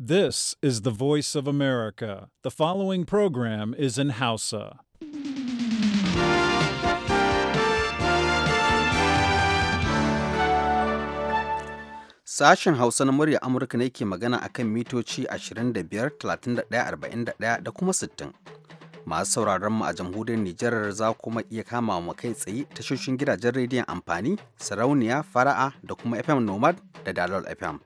This is the voice of America. The following program is in Hausa. Sashen Hausa na murya Amurka ne ke magana a kan mitoci 25, 31, da kuma 60. Masu sauraron mu a jamhuriyar Nijar za kuma iya kama wa kai tsaye tashoshin gidajen rediyon amfani, sarauniya, fara'a da kuma FM Nomad da Dalol FM.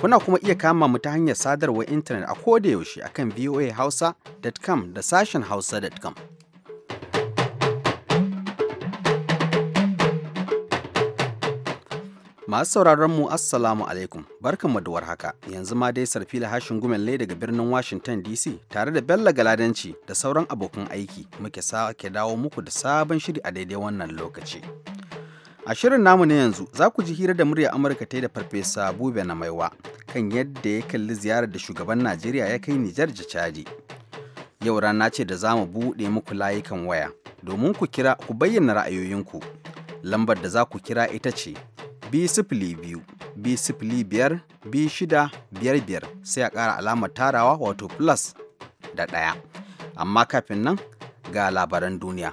Kuna kuma iya kama mu ta hanyar sadarwar intanet a kodayaushe a kan voahausa.com da sashen hausa.com. Masu sauraron mu Assalamu alaikum, barkanmu da warhaka, yanzu ma dai sarfila hashin gumelle daga birnin Washington DC tare da Bella Galadanci da sauran abokan aiki muke sake dawo muku da sabon shiri a daidai wannan lokaci. A shirin namu na yanzu za ku ji hira da murya Amurka ta yi da Farfesa Abubuwa na Maiwa kan yadda ya kalli ziyarar da shugaban Najeriya ya kai Nijar da Chadi. Yau rana ce da za mu buɗe muku layukan waya domin ku kira ku bayyana ra'ayoyinku. Lambar da za ku kira ita ce b biyu b biyar b shida biyar sai a ƙara alamar tarawa wato plus da ɗaya. Amma kafin nan ga labaran duniya.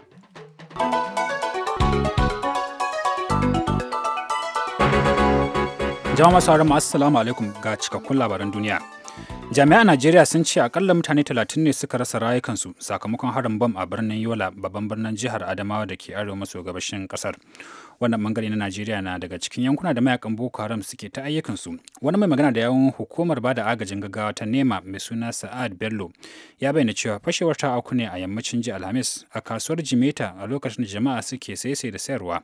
Jama'a masu haramu assalamu alaikum ga cikakkun labaran duniya. Jami'a Najeriya sun ce akalla mutane 30 ne suka rasa rayukansu sakamakon harin bam a birnin Yola babban birnin jihar Adamawa da ke arewa maso gabashin kasar. wannan bangare na najeriya na daga cikin yankuna da mayakan boko haram suke ta su wani mai magana da yawon hukumar bada agajin gaggawa ta nema mai suna sa'ad bello ya bayyana cewa fashewar ta auku ne a yammacin ji alhamis a kasuwar jimeta a lokacin da jama'a suke saye da sayarwa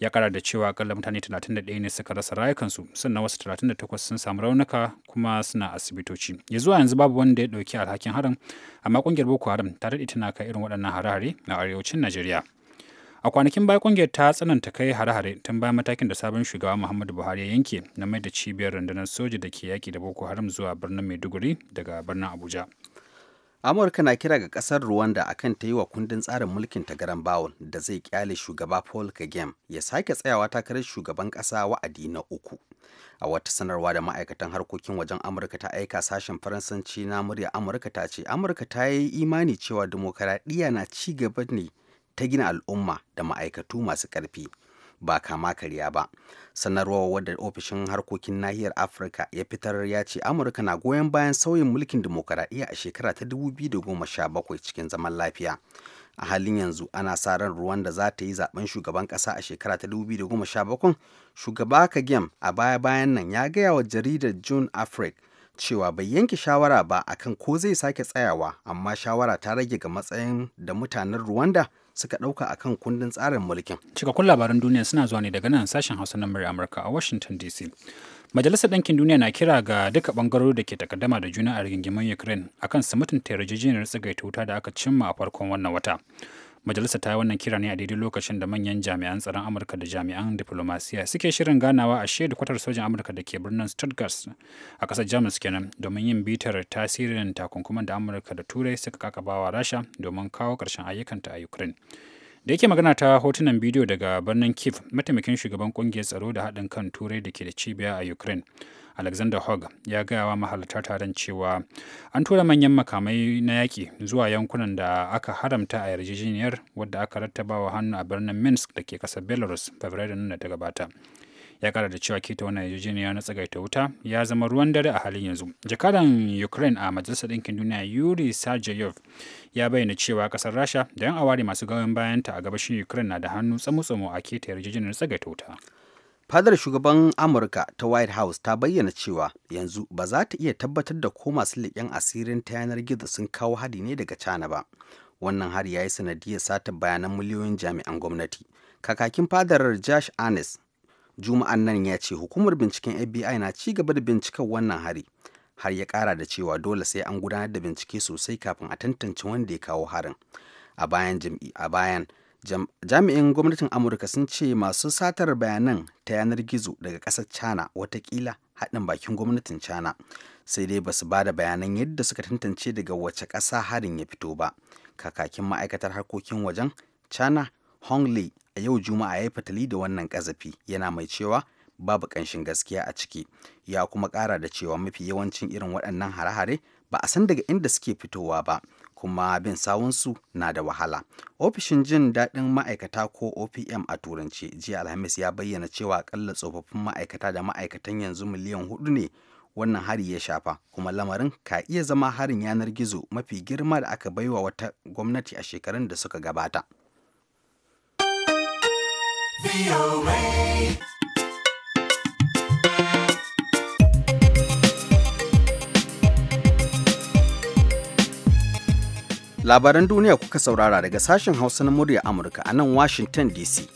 ya kara da cewa akalla mutane 31 ne suka rasa rayukansu sannan wasu 38 sun samu raunuka kuma suna asibitoci ya zuwa yanzu babu wanda ya ɗauki alhakin harin amma kungiyar boko haram ta daɗe tana kai irin waɗannan hare-hare a arewacin najeriya a kwanakin baya kungiyar ta tsananta kai hare-hare tun bayan matakin da sabon shugaba muhammadu buhari ya yanke na mai da cibiyar rundunar soja da ke yaki da boko haram zuwa birnin maiduguri daga birnin abuja amurka na kira ga kasar rwanda akan ta yi wa kundin tsarin mulkin ta garan bawon da zai kyale shugaba paul kagame ya sake tsayawa takarar shugaban kasa wa'adi na uku a wata sanarwa da ma'aikatan harkokin wajen amurka ta aika sashen faransanci na murya amurka ta ce amurka ta yi imani cewa dimokuraɗiyya na ci gaba ne ta gina al'umma da ma'aikatu masu ƙarfi ba kama karya ba sanarwar wadda ofishin harkokin nahiyar afirka ya fitar ya ce amurka na goyon bayan sauyin mulkin dimokuraɗiyya a shekara ta 2017 cikin zaman lafiya a halin yanzu ana sa ran ruwan da za ta yi zaben shugaban ƙasa a shekara ta 2017 shugaba game a baya bayan nan ya gaya wa jaridar june africa cewa bai yanke shawara ba akan ko zai sake tsayawa amma shawara ta rage ga matsayin da mutanen Rwanda suka ɗauka a kan kundin tsarin mulkin. Cikakkun labaran duniya suna zuwa ne daga nan sashen Hausa na murya Amurka a Washington DC. Majalisar Ɗinkin Duniya na kira ga duka ɓangarori da ke takaddama da juna a rigingimin Ukraine akan su mutunta yarjejeniyar tsagaita wuta da aka cimma a farkon wannan wata. Majalisar ta yi wannan kira ne a daidai lokacin da manyan jami'an tsaron Amurka da jami'an diplomasiya suke shirin ganawa a shaidu kwatar sojan Amurka da ke birnin Stuttgart a ƙasar Jamus kenan domin yin bitar tasirin takunkuman da Amurka da Turai suka kakabawa Rasha domin kawo ƙarshen ayyukanta a Ukraine. da yake magana ta hotunan bidiyo daga birnin kiev mataimakin shugaban kungiyar tsaro da haɗin kan turai da ke da cibiya a ukraine alexander hogg ya gaya wa mahalarta taron cewa an tura manyan makamai na yaƙi zuwa yankunan da aka haramta a yarjejeniyar wadda aka rattaba wa hannu a birnin minsk da ke kasar belarus fabrairu nan da ta gabata ya kara da cewa keta wannan yarjejeniya na tsagaita wuta ya zama ruwan dare a halin yanzu jakadan ukraine a majalisar ɗinkin duniya yuri sergeyev ya bayyana cewa kasar rasha da yan aware masu goyon bayanta a gabashin ukraine na da hannu tsamu a keta yarjejeniyar tsagaita wuta fadar shugaban amurka ta white house ta bayyana cewa yanzu ba za ta iya tabbatar da ko masu leƙen asirin ta yanar gizo sun kawo hari ne daga china ba wannan hari ya yi sanadiyar satar bayanan miliyoyin jami'an gwamnati kakakin fadar josh annis juma'an nan ya ce hukumar binciken fbi na ci gaba da binciken wannan hari har ya kara da cewa dole sai an gudanar da bincike sosai kafin a tantance wanda ya kawo harin a bayan a bayan jami'in gwamnatin amurka sun ce masu satar bayanan ta yanar gizo daga ƙasar china watakila haɗin bakin gwamnatin china sai dai basu ba da bayanan yadda suka tantance daga wace ƙasa harin ya fito ba kakakin ma'aikatar harkokin wajen china hong Lee a yau juma'a ya yi fatali da wannan ƙazafi yana mai cewa babu ƙanshin gaskiya a ciki ya kuma ƙara da cewa mafi yawancin irin waɗannan hare-hare ba a san daga inda suke fitowa ba kuma bin sawunsu na da wahala. Ofishin jin daɗin ma'aikata ko OPM a turance jiya Alhamis ya bayyana cewa ƙalla tsofaffin ma'aikata da ma'aikatan yanzu miliyan hudu ne wannan hari ya shafa kuma lamarin ka iya zama harin yanar gizo mafi girma da aka baiwa wata gwamnati a shekarun da suka gabata. VOA. labaran duniya kuka saurara daga sashen hausa na murya amurka a nan washington dc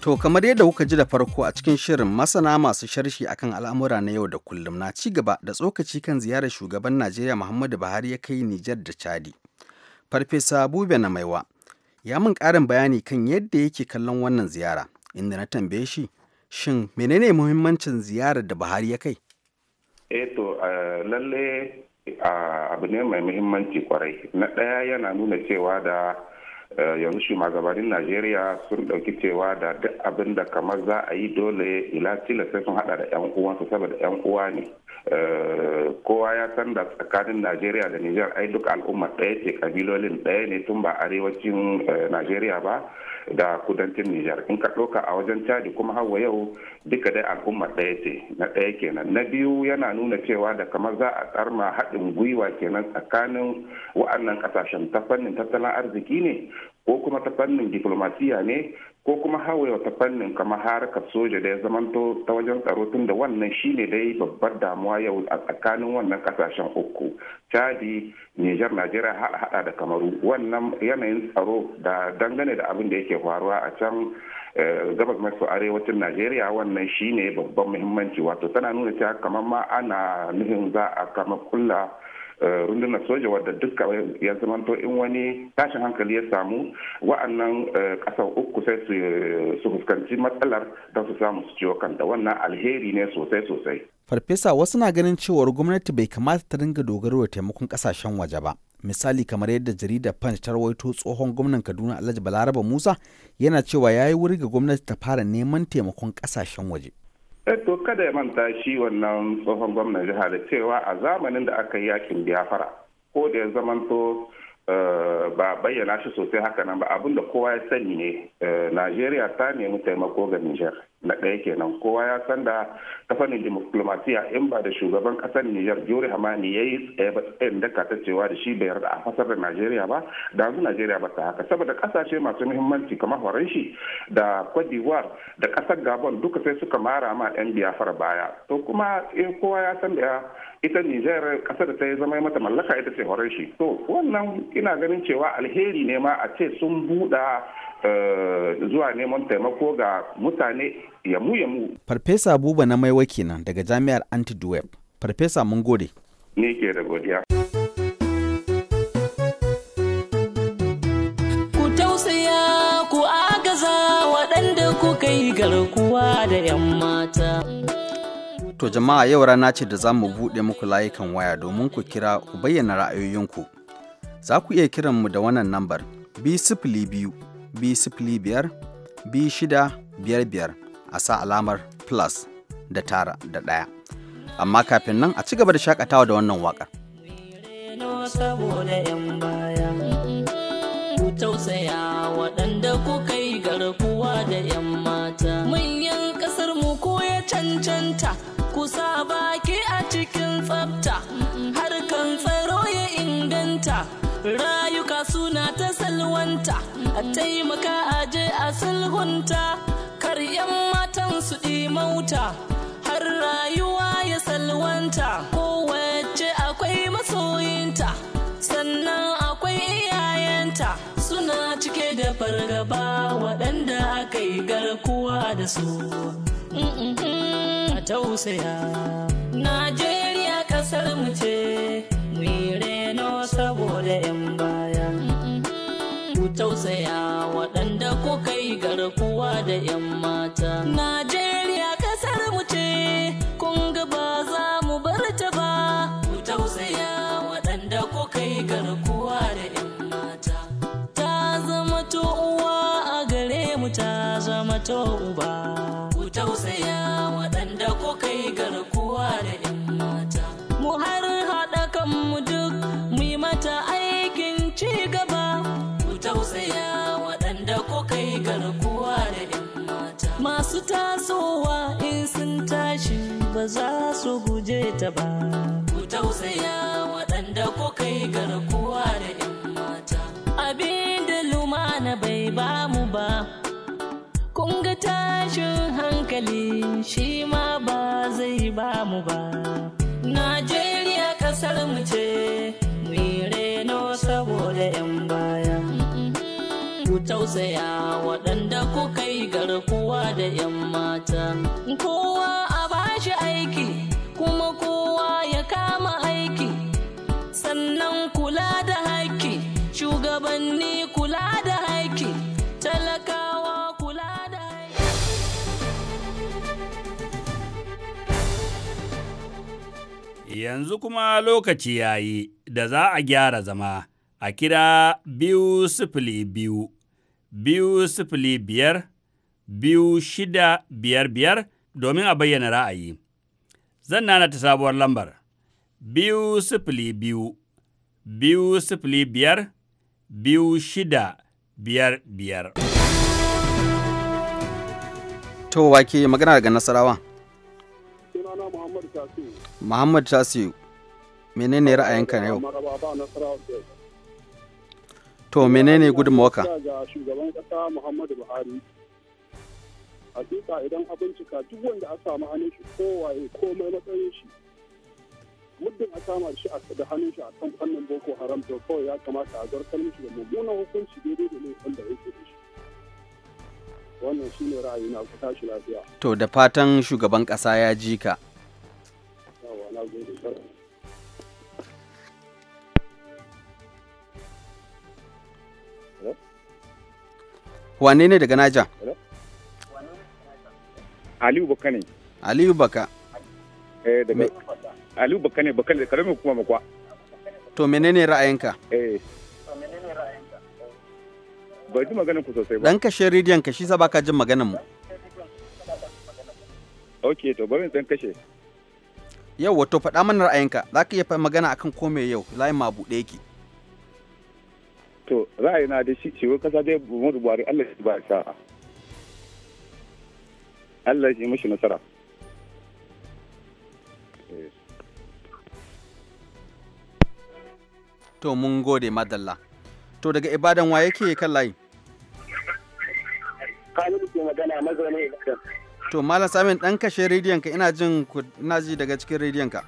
To kamar yadda kuka ji da farko a cikin shirin masana masu sharshi akan al'amura na yau da kullum na ci gaba da tsokaci kan ziyarar shugaban Najeriya Muhammadu Buhari ya kai Nijar da Chadi. Farfesa Bube na Maiwa ya min ƙarin bayani kan yadda yake kallon wannan ziyara, inda na tambaye shi Shin menene muhimmancin ziyarar da Buhari ya kai? Eh to lalle abu ne mai muhimmanci kwarai. Na ɗaya yana nuna cewa da e, yanzu shugabannin Najeriya sun ɗauki cewa da duk abin da kamar za a yi dole ila sai sun haɗa da 'yan uwansu saboda 'yan uwa ne. E, kowa ya san da tsakanin najeriya da nijar ai duk al'umma ɗaya ce kabilolin ɗaya ne tun ba arewacin e, najeriya ba da kudancin Nijar in ka ɗauka a wajen caji kuma hawa yau duka dai al'umma ɗaya ce na ɗaya kenan na biyu yana nuna cewa da kamar za a tsarma haɗin gwiwa kenan tsakanin wa'annan ƙasashen ta fannin tattalin arziki ne ko kuma ta fannin diplomasiya ne ko kuma hawaye ta fannin kamar harkar soja da ya zamanto ta wajen tsaro tun da wannan shine dai babbar damuwa yau a tsakanin wannan kasashen uku chadi niger najeriya hada da kamaru wannan yanayin tsaro da dangane da abin da yake faruwa a can eh, gabas maso arewacin najeriya wannan shine babban muhimmanci wato tana nuna cewa kamar ma ana nuhin za a kama kulla Eh, rundunar soja wadda duka ya zamanto in wani tashin hankali ya samu wa'annan kasar eh, uku sai su fuskanci matsalar don su samu su ciwo kanta wannan alheri ne sosai sosai farfesa wasu na ganin cewar gwamnati bai kamata ta dinga dogaro da taimakon kasashen waje ba misali kamar yadda jaridar punch ta rawaito tsohon gwamnan kaduna alhaji balaraba musa yana cewa ya yi wuri ga gwamnati ta fara neman taimakon kasashen waje Eh, to kada ya manta shi wannan tsohon gwamnan jiha da cewa a zamanin da aka yi yakin biyafara ko da ya zamanto eh, ba bayyana shi sosai haka nan ba abinda kowa ya sani ne eh, najeriya ta nemi taimako ga nijar na ɗaya kenan kowa ya san da ta fannin diplomasiya in ba da shugaban ƙasar niger jori hamani ya yi tsaye ba daka ta cewa da shi bai yarda a fasar da najeriya ba da yanzu najeriya ba ta haka saboda ƙasashe masu muhimmanci kamar horenshi da kwadiwar da ƙasar gabon duka sai suka mara ma ɗan biyafar baya to kuma in eh, kowa ya san da ita niger ƙasar da ta yi zama mata mallaka ita ce horenshi to wannan ina ganin cewa alheri ne ma a ce sun buɗa Eh, zuwa neman taimako ga mutane yamu yamu. Farfesa Buba na Maiwa kenan daga Jami'ar Antidweb. Farfesa mun gode. Ni ke da godiya. Ku tausaya ku agaza waɗanda kuka yi garkuwa da 'yan mata. To jama'a yau rana ce da za mu buɗe muku layukan waya domin ku kira ku bayyana ra'ayoyinku. Za ku iya kiran mu da wannan lambar bi sifili biyu bi biyar biyar a sa alamar plus da tara da ɗaya. Amma kafin nan a ci gaba da shakatawa da wannan waƙar. saboda 'yan baya ku tausaya waɗanda kuka garkuwa da 'yan mata manyan ƙasar mu ko cancanta kusa baki a cikin tsafta sulhunta kar 'yan matan su mauta har rayuwa ya salwanta kowace akwai masoyinta sannan akwai iyayenta suna cike da fargaba waɗanda aka yi garkuwa da su a tausaya najeriya ƙasar mu ce mu reno saboda 'yan baya tausaya waɗanda ko kai garkuwa da 'yan mata. Najeriya kasar mu ce, kun ga ba za mu bar ta ba, ku tausaya waɗanda ko kai garkuwa. ba za su guje ta ba. Ku tausaya waɗanda ku kai garkuwa da 'yan mata. Abin da lumana bai ba mu ba, kun ga tashin hankali shi ma ba zai ba mu ba. Najeriya ƙasarmu mu ce, mu reno saboda 'yan baya. ku tausaya waɗanda kuka yi garkuwa da 'yan mata. Kowa shugabanni kula da haiki talakawa kula da Yanzu kuma lokaci ya yi da za a gyara zama a kira biyu sifili biyu, biyu sifili biyar, biyu shida biyar biyar domin a bayyana ra'ayi. Zan nana ta sabuwar lambar, biyu sifili biyu, biyu sifili biyar, biyu shida biyar biyar. To wake magana daga Nasarawa. Sunana Muhammad Tasiu. menene ra'ayinka yau? To menene gudunmawarka? ga shugaban kasa Muhammadu Buhari. Hakika idan abin cika duk wanda a samu hannun shi kowaye komai matsayin shi muddin a kama shi da hannun shi a kan fannin boko haram to kawai ya kamata a zartar mishi da mummunan hukunci daidai da laifin da yake da shi wannan shi ne ra'ayi na ku tashi lafiya to da fatan shugaban kasa ya ji ka wane ne daga naja aliyu baka ne aliyu baka eh daga Aliyu Bakane Bakane karamin kuma makwa to menene ra'ayinka eh bai ji maganin ku sosai ba dan kashe rediyon ka shi sa baka jin maganin mu ok to bari zan kashe yau wato faɗa mana ra'ayinka za ka iya magana akan kome yau layin ma buɗe yake to ra'ayina da shi shi kasa dai buhari Allah shi ba sa'a Allah shi mishi nasara to mun gode madalla to daga ibadan wa yake kan layi to mala samin dan kashe rediyon ka ina jin ina ji daga cikin rediyon ka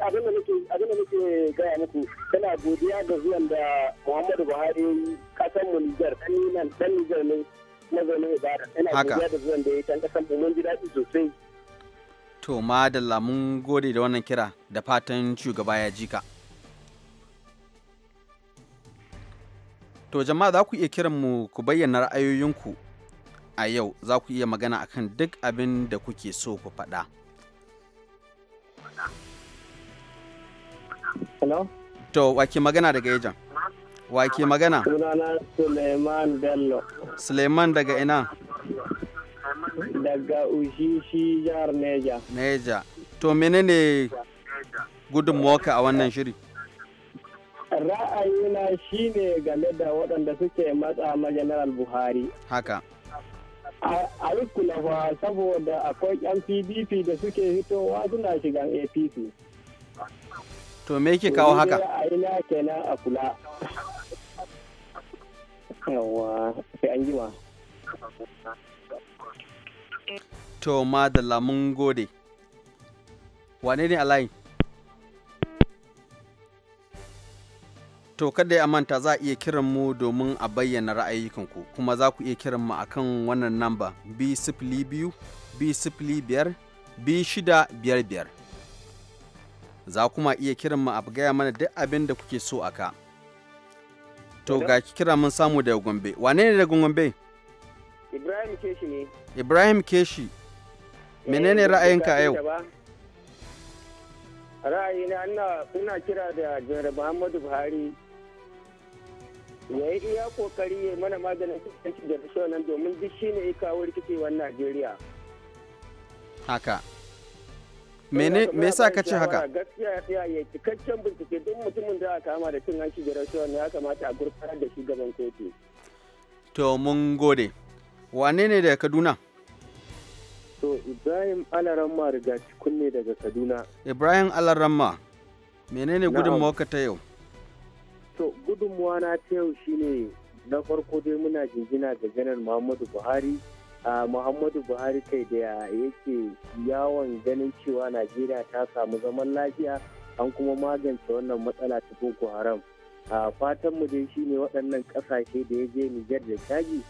abin da nake gaya muku tana godiya da zuwan da muhammadu buhari kasan mu nijar dan nijar ne mazaunin ibadan ina godiya da zuwan da ya can kasan mu mun ji daɗi sosai To madalla mun gode da wannan kira da fatan shugaba ya jika. To jama'a za ku iya kiran mu ku bayyana ra'ayoyinku a yau za ku iya magana akan duk abin da kuke so ku faɗa. To wake magana daga yajan? Wake magana? Suleiman Bello. Suleiman daga ina? daga ushishi jihar neja neja to menene gudunmuwarka a wannan shiri ra'ayina shine game da waɗanda suke matsa ma general buhari haka a yi kulawa saboda akwai yan pdp da suke hitowa suna shigan apc to me yake kawo haka ra'ayina kenan a kula yawa sai an To madalla mun gode. Wane ne a To kada ya manta za a iya kiran mu domin a bayyana ra'ayikanku kuma za ku iya kiran mu akan wannan namba b biyu b biyar b shida biyar biyar. Za kuma iya kiran mu a gaya mana duk abin da kuke so aka. To ga kira mun samu daga Gombe. Wane ne daga Gombe? Ibrahim Keshi ne. Ibrahim Keshi. Menene eh, ra'ayinka yau? Ra'ayi na ana kuna kira da Janar Muhammadu Buhari ya yi iya kokari ya mana maganin kusanci da nan domin duk shi ne ya kawo rikicewar Najeriya. Haka. Mene me yasa ka ce haka? Gaskiya ya ya cikakken bincike duk mutumin da aka kama da cin hanci da rashawa ne ya kamata a gurfanar da shi gaban kotu. To mun gode. wane ne daga kaduna so ibrahim alaramma riga cikin ne daga kaduna ibrahim alaramma menene gudunmawarka ta yau so gudunmawa na ta yau shine na farko dai muna jingina da janar muhammadu buhari a muhammadu buhari kai da yake yawon ganin cewa najeriya ta samu zaman lafiya an kuma magance wannan matsala ta boko haram a fatanmu dai shi ne waɗannan ƙasashe da ya je nijar da shagi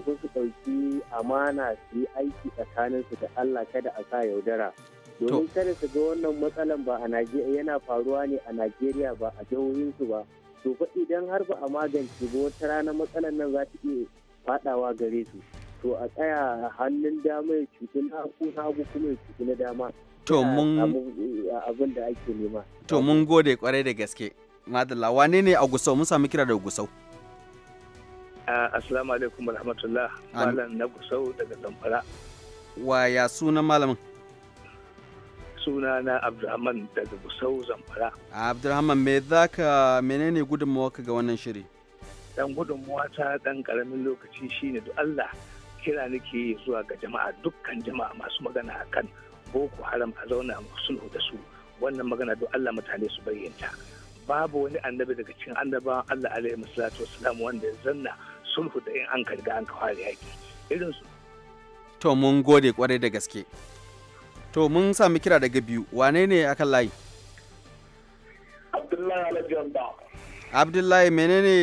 to su ɗauki amana su yi aiki tsakanin su da Allah kada a sa yaudara. Domin kada su ga wannan matsalan ba a Najeriya yana faruwa ne a Najeriya ba a jihohinsu ba. To fa idan har ba a magance ba wata rana matsalan nan za ta iya faɗawa gare su. To a tsaya hannun dama ya cuci na na abu kuma ya cuci na dama. To mun eh, abin da ake nema. To mun gode kwarai da gaske. Madalla wane ne a Gusau mun sami kira da Gusau. Assalamu alaikum warahmatullah Malam na Gusau daga Zamfara. Wa ya sunan malamin? Sunana Abdulrahman daga Gusau Zamfara. Abdulrahman me za ka menene gudunmawa ga wannan shiri? Dan gudunmawa ta dan karamin lokaci shine duk Allah kira nake zuwa ga jama'a dukkan jama'a masu magana akan Boko Haram a zauna sulhu da su wannan magana duk Allah mutane su bayyanta. babu wani annabi daga cikin annabawan Allah alaihi salatu wanda ya zanna sulhu da in an karga an kawai yaƙi irin su. To mun gode kwarai da gaske. To mun sami kira daga biyu wane ne akan layi? Abdullahi alajiyar ba Abdullahi menene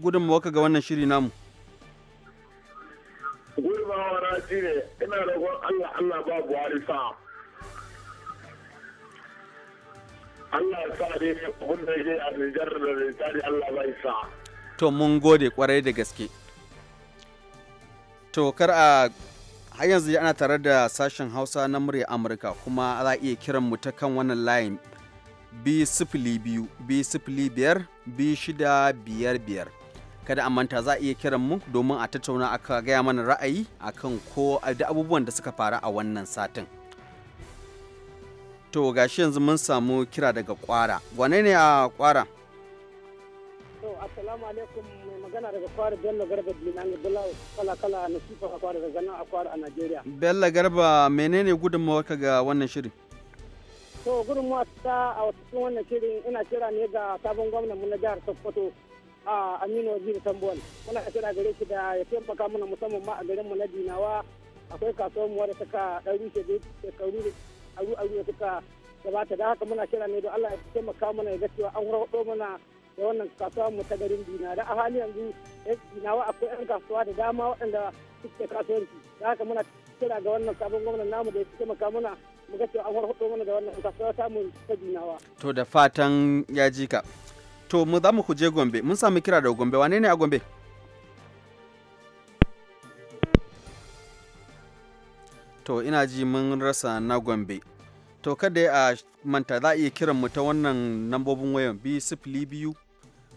gudunmawarka ga wannan shiri namu? Gudunmawa na shi ne ina roƙon Allah Allah ba Buhari sa. Allah ya sa ne abin da ke a Nijar da Nijar Allah ba sa. to mun gode kwarai da gaske to kar a har yanzu ana tare da sashen hausa na murya amurka kuma za a iya kiran mu ta kan wannan layin b sifili biyu b sifili biyar b shida biyar biyar kada a manta za a iya kiran mu domin a tattauna aka gaya mana ra'ayi akan ko da abubuwan da suka faru a wannan satin to gashi yanzu mun samu kira daga kwara wane ne a kwara assalamu alaikum mai magana daga kwara bello garba dinan bala kala kala na sifa a daga nan a a bello garba menene gudunmawarka ga wannan shirin to gudunmawa ta a cikin wannan shirin ina kira ne ga sabon gwamnan mu na jihar sokoto a aminu waziri tambuwal muna kira gare shi da ya taimaka mana musamman ma a garin mu na dinawa akwai kasuwar mu wadda suka ɗan da shekaru da aru aru suka gabata da haka muna kira ne don allah ya taimaka mana ya ga cewa an rahoto mana da wannan kasuwa mu ta garin dina da a hali yanzu eh, Binawa akwai 'yan kasuwa da dama waɗanda suke kasuwanci da haka muna kira ga wannan sabon gwamnan namu da ya maka muna mu ga cewa an warhaɗo mana da wannan kasuwa samu ta Binawa. To da fatan ya ji ka. To mu za mu ku je Gombe mun samu kira daga Gombe wane ne a Gombe? To ina ji mun rasa na Gombe. To kada a manta za a iya kiran mu ta wannan nambobin wayan biyu sifili biyu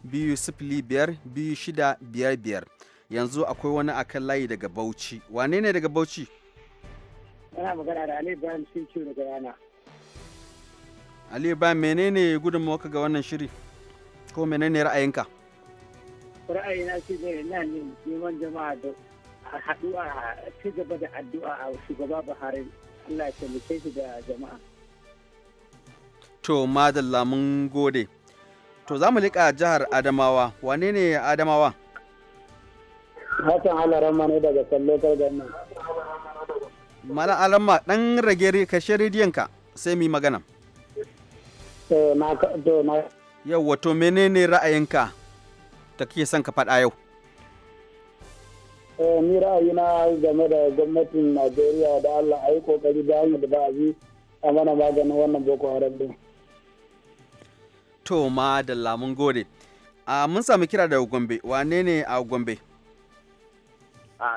biyu sifili biyar biyu shida biyar biyar yanzu akwai wani akan layi daga bauchi wane ne daga bauchi ana magana da ali ibrahim sinci daga yana ali ibrahim menene gudunmawarka ga wannan shiri ko menene ra'ayinka ra'ayina shi ne na neman jama'a da haɗu a ci gaba da addu'a a shugaba buhari allah ya taimake shi da jama'a to madalla mun gode To za mu liƙa jihar Adamawa, wane ne Adamawa? Hassan Alarama ne daga Sallokar ganin. Mala Alarma ɗan rage kashe rediyonka sai mu yi magana. na Yau wato menene ra'ayinka da kake son ka faɗa yau? Eh ni ra'ayina game da gwamnatin Najeriya da Allah a yi ƙoƙari da hanyar da ba a bi a mana maganin wannan Boko Haram din. toma da lamun gode a mun sami kira da gombe wane ne a gombe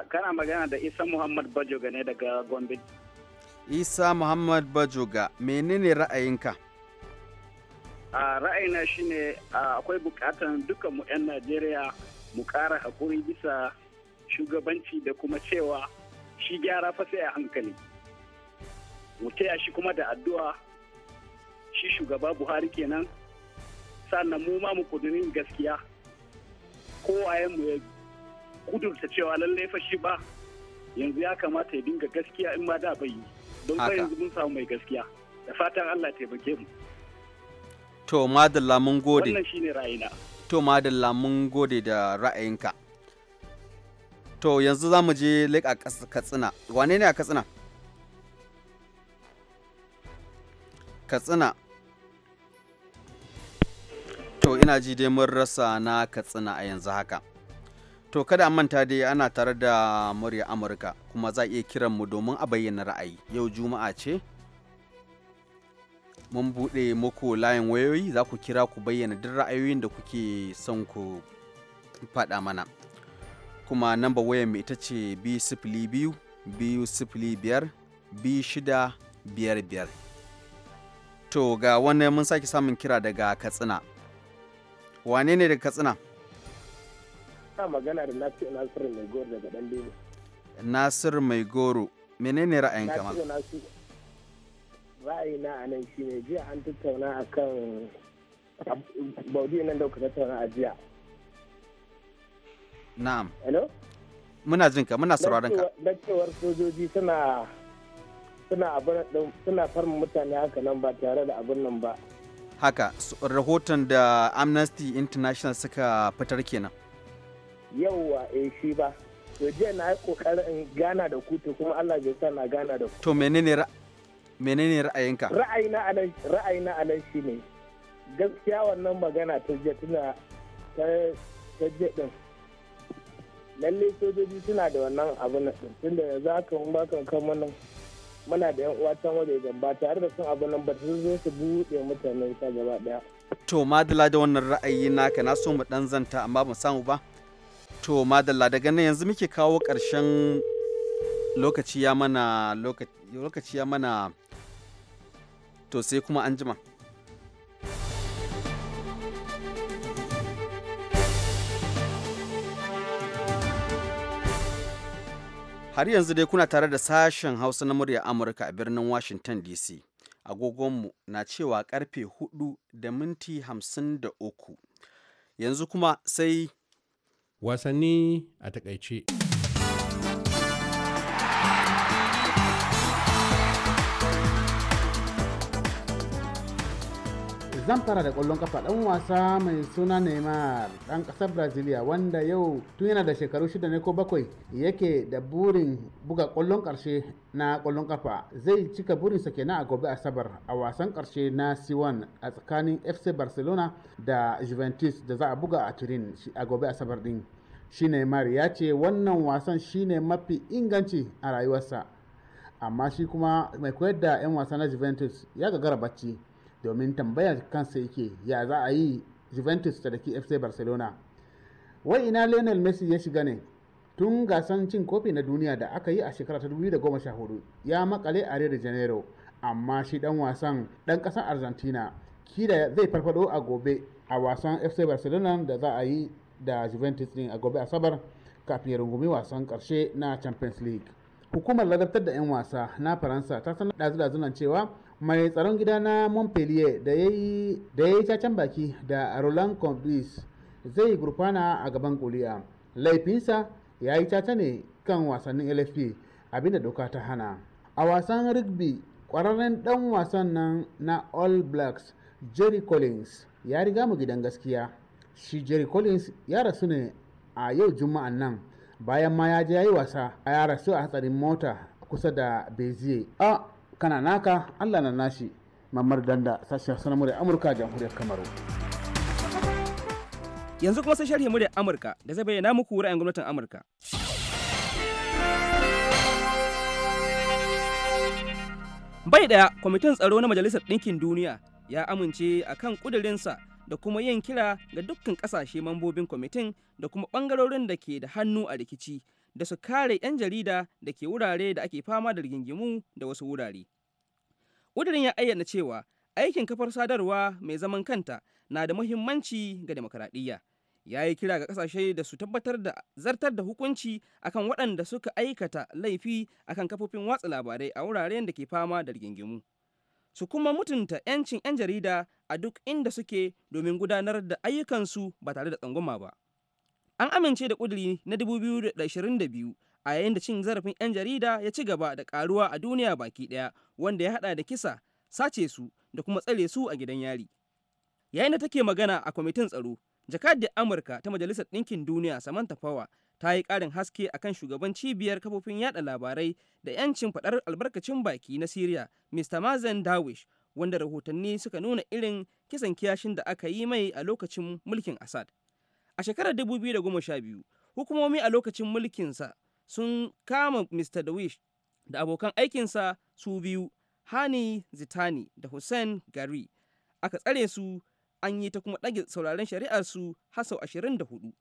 kana magana da isa muhammad bajoga ne daga gombe isa muhammad bajoga menene ra'ayinka a ra'ayina shine akwai bukatan dukkan mu 'yan najeriya mu kara hakuri bisa shugabanci da kuma cewa shi gyara fa sai a hankali mu taya shi kuma da addu'a shi shugaba buhari kenan sannan mu ma mu kudurin gaskiya kowayen mu ya kudurta cewa lallai fa shi ba yanzu ya kamata ya dinga gaskiya in ma da bai don ba yanzu mun samu mai gaskiya da fatan Allah taimake mu to madalla mun gode wannan shine ra'ayina to madalla mun gode da ra'ayinka to yanzu za mu je leƙa katsina wane ne a katsina katsina ina ji dai mun rasa na katsina a yanzu haka to kada manta dai ana tare da murya amurka kuma za a iya kiran mu domin a bayyana ra'ayi yau juma'a ce mun buɗe muku layin wayoyi za ku kira ku bayyana duk ra'ayoyin da kuke son ku faɗa mana kuma namba wayan mai ita ce b sifili biyu biyu sifili biyar b shida biyar biyar to ga wani mun sake samun kira daga katsina wane ne da katsina ta magana da Nasir mai goro daga dan bene nasiru mai goro mene ne ra'ayin kama Ra'ayi na a nan shine jiya an tattauna a kan baudi nan da kuka tattauna a jiya na'am hello muna jinka, muna sauraron ka da sojoji suna suna abin suna farma mutane haka nan ba tare da abin nan ba haka rahoton da amnesty international suka fitar kenan yauwa eh shi ba to jiya na yi kokarin gana da ku kuma Allah bai sa na gana da ku to menene menene ra'ayinka ra'ayina anan ra'ayina anan shine gaskiya wannan magana ta jiya tana ta ta jiya din lalle sojoji suna da wannan abin din tunda yanzu haka mun baka kan wannan muna da yan uwa can wajejen ba tare da sun abu nan ba su zo su buɗe mutane ta gaba ɗaya. To madala da wannan ra'ayi naka na so mu ɗan zanta amma mu samu ba. To madala daga nan yanzu muke kawo ƙarshen lokaci ya mana lokaci ya mana to sai kuma an jima. Har yanzu dai kuna tare da sashen Hausa na murya Amurka a birnin Washington DC. Agogonmu na cewa karfe 4 da minti 53. Yanzu kuma sai wasanni a takaice. zan fara da kwallon kafa dan wasa mai suna neymar dan kasar brazilia wanda yau tun yana da shekaru shida ne ko bakwai yake da burin buga kwallon karshe na kwallon kafa zai cika burin sa kenan a gobe asabar a wasan karshe na c1 a tsakanin fc barcelona da juventus da za a buga a turin a gobe asabar din shi neymar ya ce wannan wasan shine mafi inganci a rayuwarsa amma shi kuma mai koyar da 'yan wasa na juventus ya gagara bacci domin tambayar kansa yake ya za a yi juventus ta daki fc barcelona wai ina lionel messi ya shiga ne tun gasan cin kofi na duniya da aka yi a shekara ta 2014 ya makale a rio de janeiro amma shi dan wasan dan kasar argentina kila zai farfado a gobe a wasan fc barcelona da za a yi da juventus din a gobe asabar kafin ya rungumi wasan karshe na champions league hukumar ladabtar da 'yan wasa na faransa ta sanar da zunan cewa mai tsaron gida na montpellier da ya yi cacen baki da roland combs zai gurfana a gaban kuliya laifinsa ya yi caca ne kan wasannin lfp abinda doka ta hana a wasan rugby kwararren dan wasan nan na all blacks jerry collins ya riga mu gidan gaskiya shi jerry collins ya rasu ne a yau juma'an nan bayan ma ya je ya yi wasa a ya rasu a hatsarin mota kusa da bezier kana naka allah na nashi mamar danda sashen sanar da amurka jamhuriyar kamaru yanzu kuma sai sharhi murya amurka da zai bayyana muku ra'ayin gwamnatin amurka bai daya kwamitin tsaro na majalisar ɗinkin duniya ya amince a kan ƙudurinsa da kuma yin kira ga dukkan ƙasashe mambobin kwamitin da kuma ɓangarorin da ke da hannu a rikici da su kare 'yan jarida da ke wurare da ake fama da rigingimu da wasu wurare. Ƙudurin ya ayyana cewa aikin kafar sadarwa mai zaman kanta na da muhimmanci ga demokaradiyya. Ya yi kira ga kasashe da su tabbatar da zartar da hukunci akan waɗanda suka aikata laifi akan kafofin watsa labarai a wuraren da ke fama da rigingimu. Su kuma mutunta 'yancin 'yan jarida a duk inda suke domin gudanar da ayyukansu ba tare da tsangwama ba. an amince da ƙuduri na 2022 a yayin da cin zarafin 'yan jarida ya ci gaba da karuwa a duniya baki daya wanda ya hada da kisa sace su da kuma tsale su a gidan yari yayin da take magana a kwamitin tsaro jakadiyar amurka ta majalisar ɗinkin duniya samantha power ta yi ƙarin haske akan shugaban cibiyar kafofin yada labarai da 'yancin faɗar albarkacin baki na syria mr mazen dawish wanda rahotanni suka nuna irin kisan kiyashin da aka yi mai a lokacin mulkin assad A shekarar 2012, hukumomi a lokacin mulkinsa sun kama Mr. Dawish da abokan aikinsa su biyu, Hani Zitani da Hussein Gari. Aka tsare su an yi ta kuma ɗage sauraren shari'arsu su hasau 24.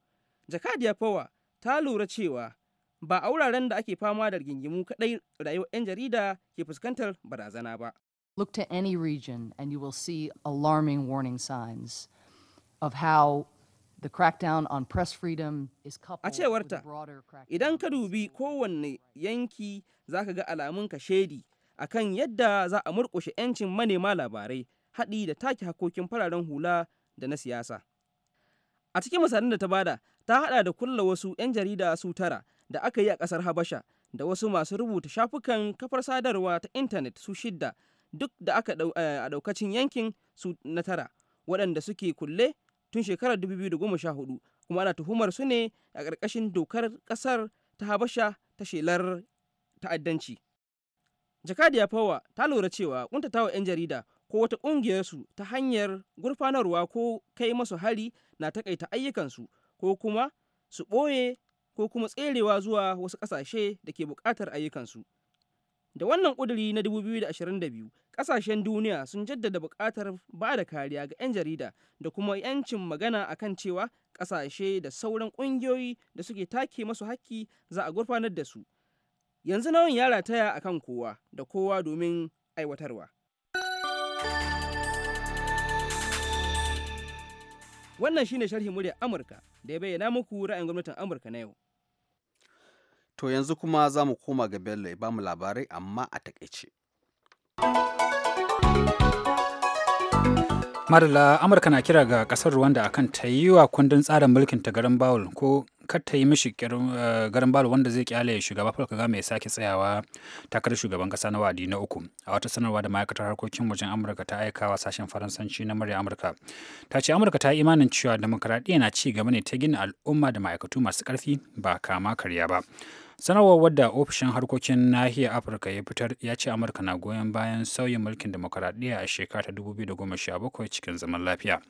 Jakadiya Fawa ta lura cewa ba a wuraren da ake fama da rigingimu kaɗai rayuwar 'yan jarida ke fuskantar barazana ba. Look to any region and you will see alarming warning signs of how A cewarta, idan ka dubi kowanne yanki za ka ga alamun kashedi a kan yadda za a murƙushe 'yancin manema labarai haɗi da take hakokin fararen hula da na siyasa. A cikin misalin da ta bada, ta haɗa da kulla wasu 'yan jarida su tara da aka yi a ƙasar Habasha da wasu masu rubuta shafukan kafar sadarwa ta intanet su shidda duk da aka eh, a ɗaukacin yankin su na tara waɗanda suke kulle tun shekarar 2014 kuma ana tuhumar su ne a ƙarƙashin dokar ƙasar ta habasha ta shelar ta'addanci jakadiya fawa ta lura cewa ƙuntatawa 'yan jarida ko wata ƙungiyarsu ta hanyar gurfanarwa ko kai masu hari na takaita ayyukansu ko kuma su ɓoye ko kuma tserewa zuwa wasu ƙasashe da ke buƙatar ayyukansu da wannan ƙuduri na 2022 kasashen duniya sun jaddada bukatar ba da kariya ga 'yan jarida da kuma 'yancin magana a kan cewa ƙasashe da sauran ƙungiyoyi da suke take masu haƙƙi za a gurfanar da su. Yanzu nauyin ya rataya a kan kowa da kowa domin aiwatarwa. Wannan shine sharhi muryar Amurka da ya bayyana muku ra'ayin gwamnatin Amurka na yau. To yanzu kuma za mu koma ga Bello ya ba mu labarai amma a takaice. madalla Amurka na kira ga kasar Rwanda akan ta yi wa kundin tsarin mulkin ta garin Bawul ko kar ta yi mishi eh, garin Bawul wanda zai kyale shugaba Paul Kagame ya sake tsayawa takarar shugaban kasa na wa'adi na uku. A wata sanarwa da ma'aikatar harkokin wajen Amurka ta aika wa sashen Faransanci na murya Amurka. Ta ce Amurka ta yi imanin cewa demokaradiyya na ci gaba ne ta gina al'umma da ma'aikatu masu karfi ba kama karya ba. sanarwar wadda ofishin harkokin nahiyar afirka ya fitar ya ce amurka na goyon bayan sauyin mulkin demokaradiyya a shekara ta 2017 cikin zaman lafiya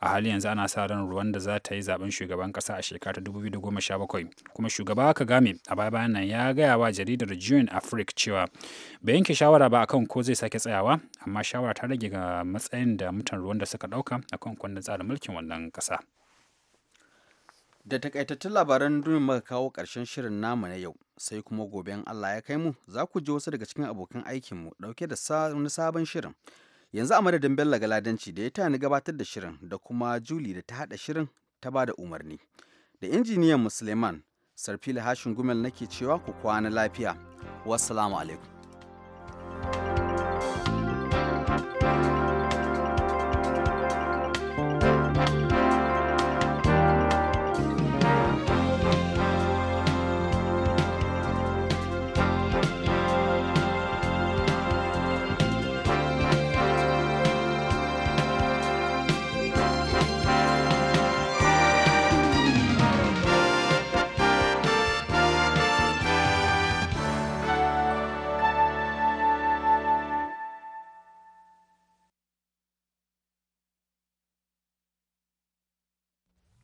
a hali yanzu ana sa ran Rwanda za ta yi zaben shugaban kasa a shekara ta 2017 kuma shugaba Kagame a baya bayan nan ya gaya wa jaridar June Africa cewa bai yanke shawara ba akan ko zai sake tsayawa amma shawara ta rage ga matsayin da mutan da suka dauka akan kundin tsarin mulkin wannan kasa. da takaitattun labaran duniya muka kawo ƙarshen shirin namu na yau sai kuma gobe in Allah ya kai mu za ku ji wasu daga cikin abokan aikinmu ɗauke da wani sabon shirin yanzu a madadin Bello Galadanci da ya tani gabatar da shirin da kuma Juli da ta haɗa shirin ta ba da umarni da injiniyan Musliman Sarfila Hashin Gumel nake cewa ku kwana lafiya wassalamu alaikum